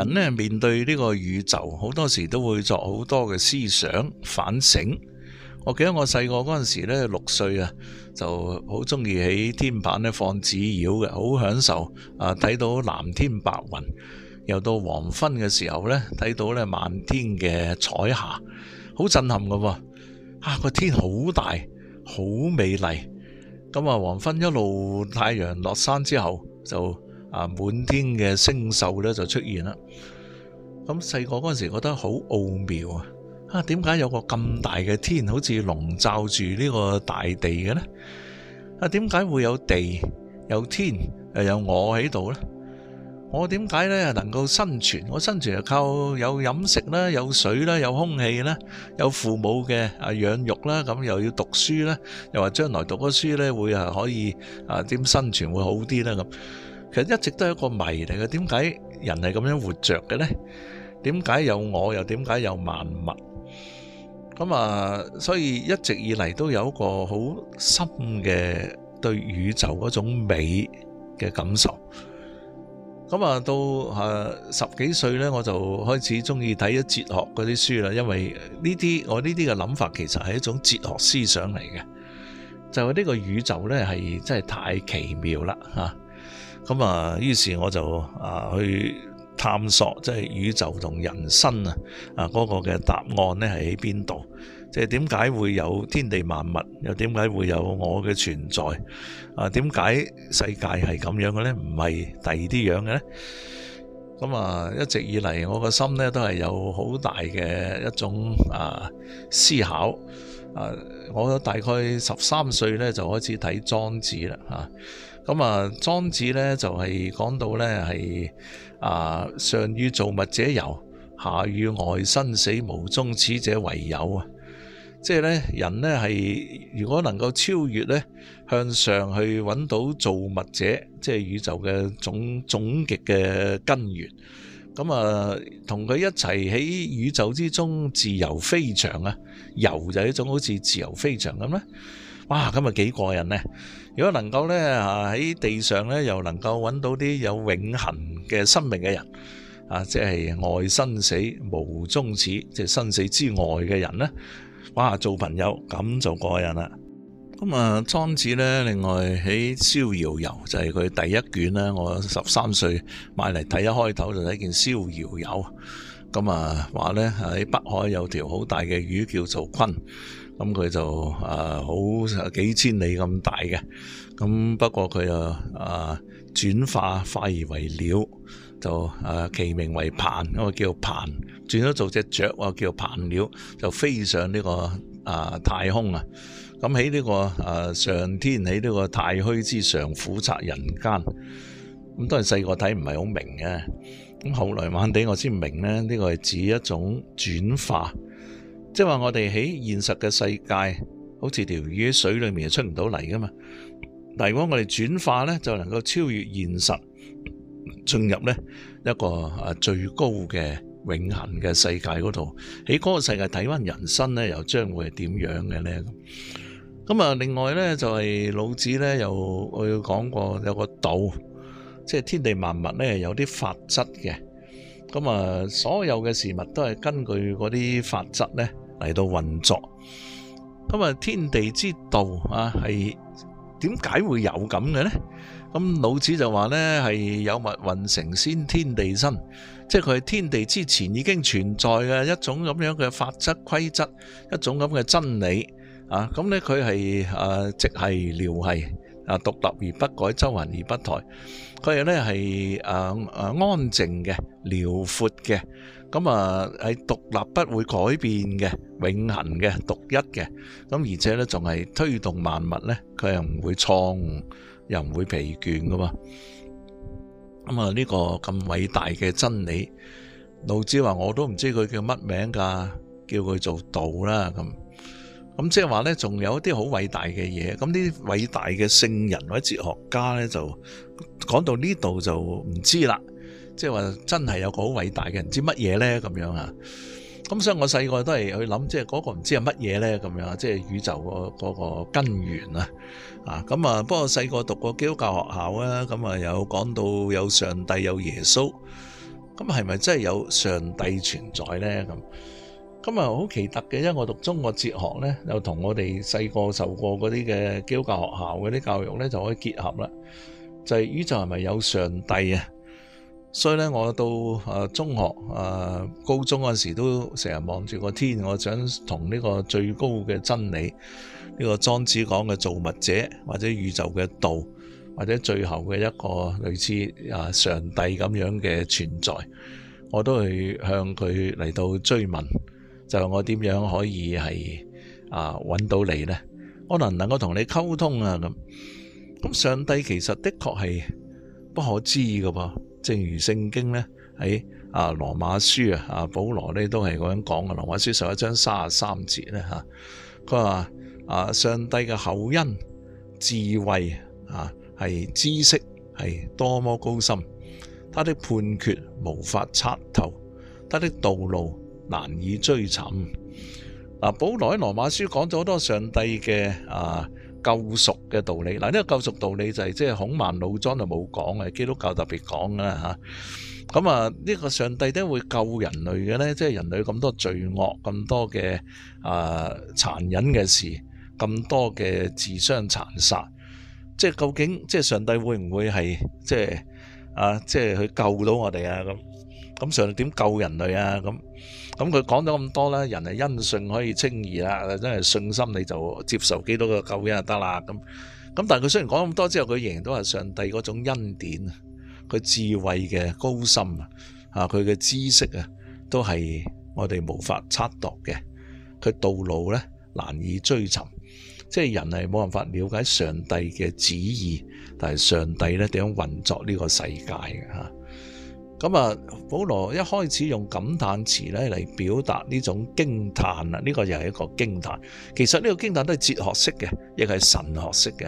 人呢面對呢個宇宙，好多時都會作好多嘅思想反省。我記得我細個嗰陣時呢，六歲啊，就好中意喺天板呢放紙鷂嘅，好享受啊！睇到藍天白雲，又到黃昏嘅時候呢，睇到呢漫天嘅彩霞，好震撼噶噃！啊，個天好大，好美麗。咁啊，黃昏一路太陽落山之後就，啊！滿天嘅星宿咧就出現啦。咁細個嗰陣時，覺得好奧妙啊！啊，點解有個咁大嘅天，好似籠罩住呢個大地嘅呢？啊，點解會有地、有天，又有我喺度呢？我點解呢？能夠生存？我生存係靠有飲食啦、有水啦、有空氣啦、有父母嘅啊養育啦，咁、啊、又要讀書啦，又話將來讀咗書呢，會啊可以啊點生存會好啲呢？咁、啊。其實一直都係一個謎嚟嘅，點解人係咁樣活着嘅呢？點解有我，又點解有萬物？咁啊，所以一直以嚟都有一個好深嘅對宇宙嗰種美嘅感受。咁啊，到啊十幾歲呢，我就開始中意睇咗哲學嗰啲書啦，因為呢啲我呢啲嘅諗法其實係一種哲學思想嚟嘅，就係呢個宇宙呢係真係太奇妙啦吓。啊咁啊，於是我就啊去探索，即係宇宙同人生啊，啊嗰個嘅答案呢，係喺邊度？即係點解會有天地萬物？又點解會有我嘅存在？啊，點解世界係咁樣嘅呢？唔係第二啲樣嘅呢？咁啊，一直以嚟我個心呢都係有好大嘅一種啊思考。啊，我大概十三歲呢，就開始睇莊子啦，吓。咁啊，莊子咧就係、是、講到咧係啊，上與造物者遊，下與外生死無終始者為友啊！即係咧，人呢係如果能夠超越咧，向上去揾到造物者，即係宇宙嘅總總極嘅根源。咁啊，同佢一齊喺宇宙之中自由飛翔啊！遊就係一種好似自由飛翔咁咧。哇！咁日幾過癮呢？如果能夠呢喺地上呢，又能夠揾到啲有永恆嘅生命嘅人，啊，即係外生死無終始，即係生死之外嘅人呢。哇！做朋友咁就過癮啦。咁啊，莊子呢，另外喺《逍遙遊》就係、是、佢第一卷啦。我十三歲買嚟睇，一開頭就睇件《逍遙遊》。咁啊，話呢，喺北海有條好大嘅魚叫做鯤。咁佢就好、呃、幾千里咁大嘅。咁不過佢又啊轉化化而為鳥，就、呃、其名為鵬，咁啊叫鵬，轉咗做隻雀，我叫鵬鳥，就飛上呢個呃太空啊，咁喺呢個呃上天喺呢個太虛之上俯察人間，咁都係細個睇唔係好明嘅，咁後來晚啲我先明呢，呢個係指一種轉化。即係話我哋喺現實嘅世界，好似條魚喺水裏面出唔到嚟噶嘛。但係如果我哋轉化咧，就能夠超越現實，進入咧一個最高嘅永恆嘅世界嗰度。喺嗰個世界睇翻人生咧，又將會係點樣嘅咧？咁啊，另外咧就係老子咧又我要講過，有個道，即係天地萬物咧有啲法則嘅。咁啊，所有嘅事物都係根據嗰啲法則呢嚟到運作。咁啊，天地之道啊，係點解會有咁嘅呢？咁老子就話呢係有物混成先天地生，即係佢係天地之前已經存在嘅一種咁樣嘅法則規則，一種咁嘅真理啊。咁呢佢係誒，即係聊係。啊！獨立而不改，周行而不殆。佢哋咧係啊安靜嘅、遼闊嘅，咁啊喺獨立不會改變嘅、永恆嘅、獨一嘅。咁而且咧仲係推動萬物呢佢又唔會錯誤，又唔會疲倦噶嘛。咁啊呢個咁偉大嘅真理，老子話我都唔知佢叫乜名㗎，叫佢做道啦咁。咁即係話呢，仲有一啲好偉大嘅嘢。咁呢啲偉大嘅聖人或者哲學家呢，就講到呢度就唔知啦。即係話真係有個好偉大嘅人，唔知乜嘢呢？咁樣啊。咁所以我細個都係去諗，即係嗰個唔知係乜嘢呢？咁樣。即係宇宙個嗰個根源啊。啊，咁啊，不過細個讀過基督教學校啊，咁啊有講到有上帝有耶穌。咁係咪真係有上帝存在呢？咁？今日好奇特嘅，因為我讀中國哲學呢，又同我哋細個受過嗰啲嘅基督教學校嗰啲教育呢，就可以結合啦。就係、是、宇宙係咪有上帝啊？所以呢，我到啊中學啊高中嗰陣時，都成日望住個天，我想同呢個最高嘅真理，呢、這個莊子講嘅造物者，或者宇宙嘅道，或者最後嘅一個類似啊上帝咁樣嘅存在，我都去向佢嚟到追問。就是、我點樣可以係啊揾到你呢？可能能夠同你溝通啊咁。咁上帝其實的確係不可知噶噃。正如聖經呢，喺啊羅馬書啊啊，保羅呢都係咁樣講嘅。羅馬書十一章三十三節呢，嚇、啊，佢話啊上帝嘅厚恩、智慧啊係知識係多麼高深，他的判決無法測透，他的道路，難以追尋嗱，保羅喺羅馬書講咗好多上帝嘅啊救贖嘅道理。嗱、啊，呢、這個救贖道理就係、是、即係孔孟老莊就冇講嘅，基督教特別講噶啦嚇。咁啊，呢、啊這個上帝點會救人類嘅呢？即係人類咁多罪惡，咁多嘅啊殘忍嘅事，咁多嘅自相殘殺，即係究竟即係上帝會唔會係即係啊即係去救到我哋啊？咁咁上帝點救人類啊？咁咁佢講咗咁多啦，人係恩信可以清義啦，真係信心你就接受幾多個救恩就得啦咁。咁但係佢雖然講咁多之後，佢仍然都係上帝嗰種恩典啊，佢智慧嘅高深啊，佢嘅知識啊，都係我哋無法測度嘅。佢道路咧，難以追尋，即係人係冇辦法了解上帝嘅旨意，但係上帝咧點樣運作呢個世界嘅。咁啊保羅一開始用感嘆詞呢嚟，表達呢種驚嘆啦，呢個又係一個驚嘆，其實呢個驚嘆都係哲學式嘅，亦係神學式嘅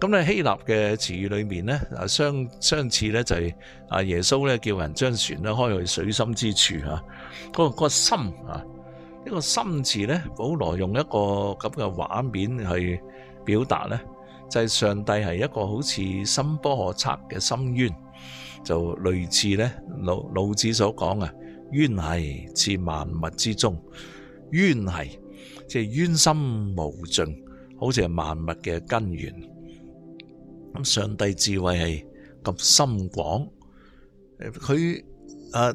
咁喺希臘嘅詞語裏面咧，相相似咧就係耶穌咧叫人將船咧開去水深之處嗰、嗰個嗰個深深啊，呢、呢個深字咧，保羅用一個咁嘅畫面去表達咧，就係、係、上帝係一個好似深不可測嘅深淵，就類似咧老老子所講啊，淵係似萬物之中，淵係即係淵深無盡，好似係萬物嘅根源。咁上帝智慧係咁深廣，佢啊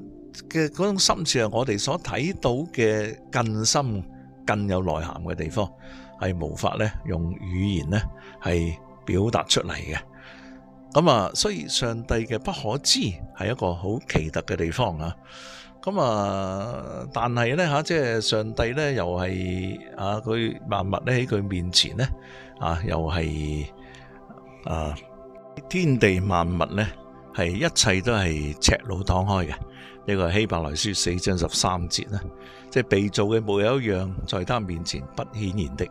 嘅嗰種深處係我哋所睇到嘅更深、更有內涵嘅地方，係無法咧用語言咧係表達出嚟嘅。咁啊，所以上帝嘅不可知係一個好奇特嘅地方啊。咁啊，但係咧吓，即係上帝咧又係啊，佢萬物咧喺佢面前咧啊，又係。啊、uh,！天地萬物呢，係一切都係赤露敞開嘅。呢個希伯來書四章十三節呢，即係被造嘅冇有一樣在他面前不顯然的。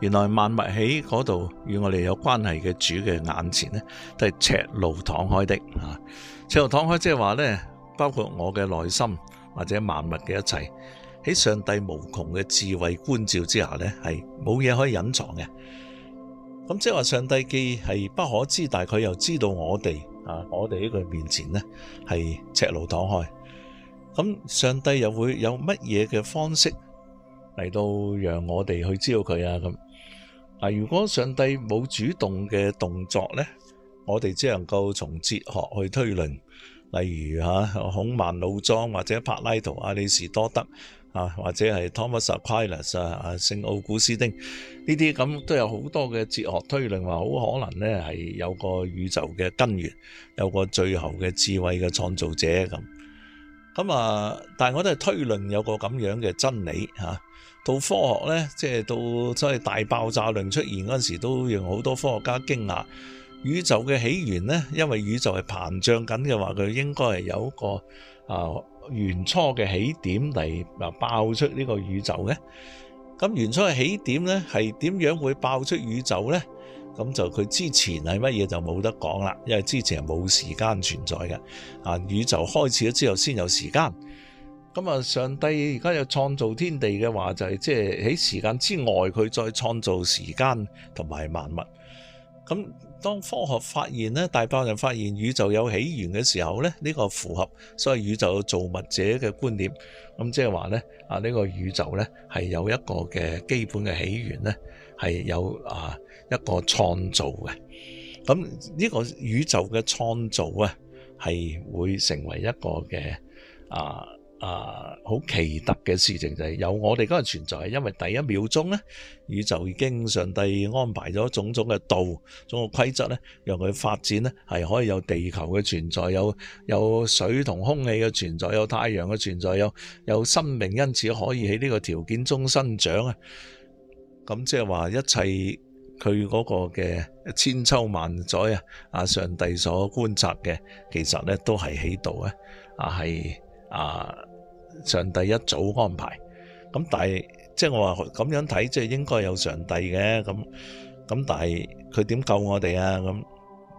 原來萬物喺嗰度與我哋有關係嘅主嘅眼前呢，都係赤露敞開的。啊！赤露敞開即係話呢，包括我嘅內心或者萬物嘅一切，喺上帝無窮嘅智慧觀照之下呢，係冇嘢可以隱藏嘅。咁即係話上帝既係不可知，但佢又知道我哋啊，我哋呢佢面前呢係赤路擋開。咁上帝又會有乜嘢嘅方式嚟到讓我哋去知道佢啊？咁如果上帝冇主動嘅動作呢，我哋只能夠從哲學去推論，例如孔孟老莊或者柏拉圖、阿里士多德。啊，或者係 Thomas Aquinas 啊，聖奧古斯丁呢啲咁，這些都有好多嘅哲學推論，話好可能呢係有個宇宙嘅根源，有個最後嘅智慧嘅創造者咁。咁啊，但係我都係推論有個咁樣嘅真理嚇。到科學呢，即係到真係大爆炸論出現嗰陣時候，都讓好多科學家驚訝。宇宙嘅起源呢，因為宇宙係膨脹緊嘅話，佢應該係有一個啊。原初嘅起點嚟嗱，爆出呢個宇宙嘅。咁原初嘅起點呢係點樣會爆出宇宙呢？咁就佢之前係乜嘢就冇得講啦，因為之前係冇時間存在嘅，啊宇宙開始咗之後先有時間。咁啊，上帝而家有創造天地嘅話，就係即係喺時間之外，佢再創造時間同埋萬物。咁當科學發現咧，大爆炸發現宇宙有起源嘅時候咧，呢、這個符合所謂宇宙的造物者嘅觀點。咁即係話咧，啊、這、呢個宇宙咧係有一個嘅基本嘅起源咧，係有啊一個創造嘅。咁呢個宇宙嘅創造啊，係會成為一個嘅啊。啊！好奇特嘅事情就係、是、有我哋嗰個存在，因為第一秒鐘呢，宇宙已經上帝安排咗種種嘅道，種嘅規則呢讓佢發展呢係可以有地球嘅存在，有有水同空氣嘅存在，有太陽嘅存在，有有生命，因此可以喺呢個條件中生長啊！咁即係話一切佢嗰個嘅千秋萬載啊，啊上帝所觀察嘅，其實呢都係喺度啊，係啊。上帝一早安排，咁但係即係我話咁樣睇，即係應該有上帝嘅，咁咁但係佢點救我哋啊？咁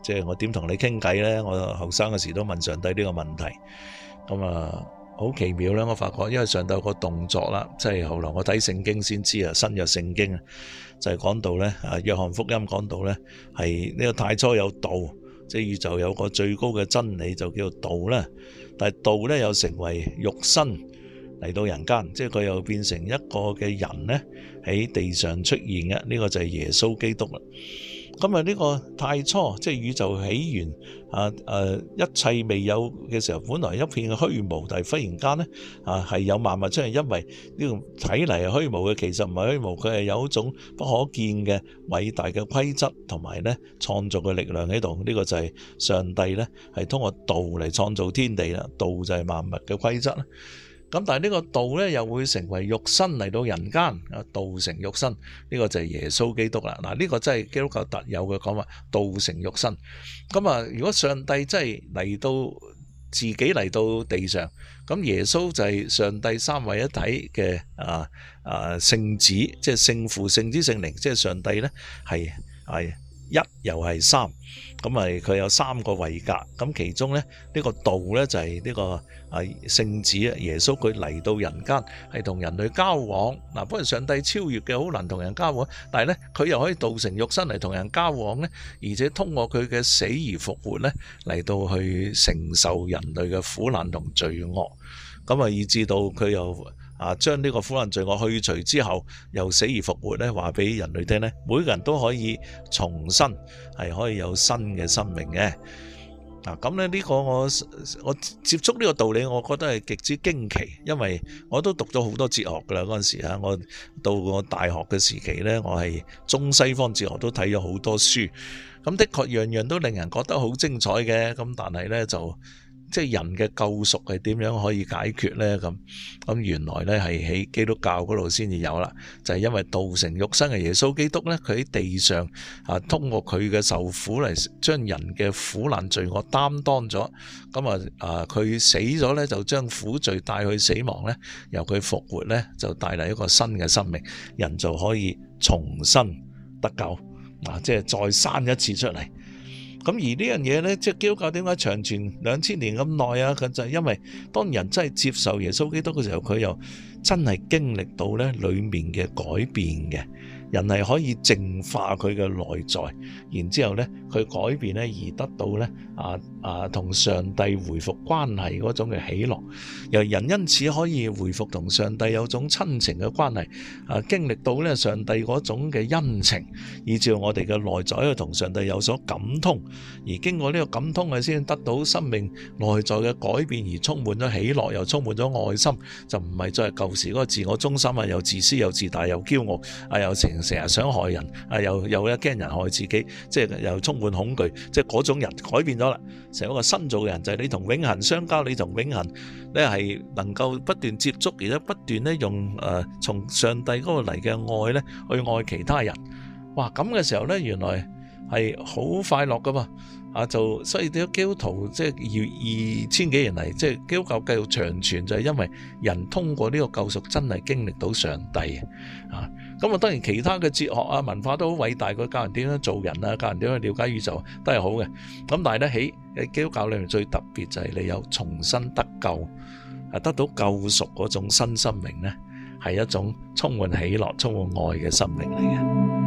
即係我點同你傾偈咧？我後生嗰時都問上帝呢個問題，咁啊好奇妙咧！我發覺，因為上帝有個動作啦，即係後來我睇聖經先知啊，新約聖經就係講到咧，啊約翰福音講到咧，係呢個太初有道。即係宇宙有個最高嘅真理就叫做道啦，但道呢，又成為肉身嚟到人間，即佢又變成一個嘅人呢，喺地上出現嘅，呢、呢個就係耶穌基督啦。咁啊，呢個太初即係宇宙起源啊，誒，一切未有嘅時候，本來一片嘅虛無，但係忽然間呢，啊，係有萬物出現，因為呢個睇嚟係虛無嘅，其實唔係虛無，佢係有一種不可見嘅偉大嘅規則同埋呢創造嘅力量喺度。呢個就係上帝呢，係通過道嚟創造天地啦。道就係萬物嘅規則。咁但係呢個道咧又會成為肉身嚟到人間，道成肉身呢個就係耶穌基督啦。嗱，呢個真係基督教特有嘅講法，道成肉身。咁啊，如果上帝真係嚟到自己嚟到地上，咁耶穌就係上帝三位一體嘅啊啊聖子，即係聖父、聖子、聖靈，即係上帝咧係系。一又係三，咁佢有三個位格。咁其中呢呢個道呢，就係呢個啊聖子耶穌佢嚟到人間係同人類交往。嗱，本來上帝超越嘅，好難同人交往，但係呢，佢又可以道成肉身嚟同人交往呢，而且通過佢嘅死而復活呢，嚟到去承受人類嘅苦難同罪惡，咁啊以至到佢又。啊將呢個苦難罪惡去除之後,又死而復活呢,話俾人類聽呢,每個人都可以重生,係可以有新嘅生命嘅。即係人嘅救贖係點樣可以解決咧？咁咁原來咧係喺基督教嗰度先至有啦，就係因為道成肉身嘅耶穌基督咧，佢喺地上啊通過佢嘅受苦嚟，將人嘅苦難罪惡擔當咗，咁啊啊佢死咗咧，就將苦罪帶去死亡咧，由佢復活咧，就帶嚟一個新嘅生命，人就可以重新得救啊！即係再生一次出嚟。咁而呢樣嘢呢，即係基督教點解長存兩千年咁耐啊？咁就係、是、因為當人真係接受耶穌基督嘅時候，佢又真係經歷到呢裏面嘅改變嘅。人係可以淨化佢嘅內在，然之後咧佢改變咧而得到咧啊啊同上帝回復關係嗰種嘅喜樂，由人因此可以回復同上帝有種親情嘅關係，啊經歷到咧上帝嗰種嘅恩情，以致我哋嘅內在去同上帝有所感通，而經過呢個感通，我先得到生命內在嘅改變，而充滿咗喜樂，又充滿咗愛心，就唔係再係舊時嗰個自我中心啊，又自私又自大又驕傲啊又情。成日想害人，啊又又一驚人害自己，即係又充滿恐懼，即係嗰種人改變咗啦。成一個新造嘅人就係你同永恒相交，你同永恒，你係能夠不斷接觸，而且不斷咧用誒從上帝嗰個嚟嘅愛咧去愛其他人。哇，咁嘅時候咧，原來係好快樂噶嘛，啊就所以啲基督徒即係要二千幾年嚟，即係基督教繼續長存就係因為人通過呢個救贖真係經歷到上帝啊。咁啊，當然其他嘅哲學啊、文化都好偉大，佢教人點樣做人啊，教人點樣了解宇宙都係好嘅。咁但係咧，喺基督教裡面最特別就係你有重新得救，啊得到救贖嗰種新生命咧，係一種充滿喜樂、充滿愛嘅生命嚟嘅。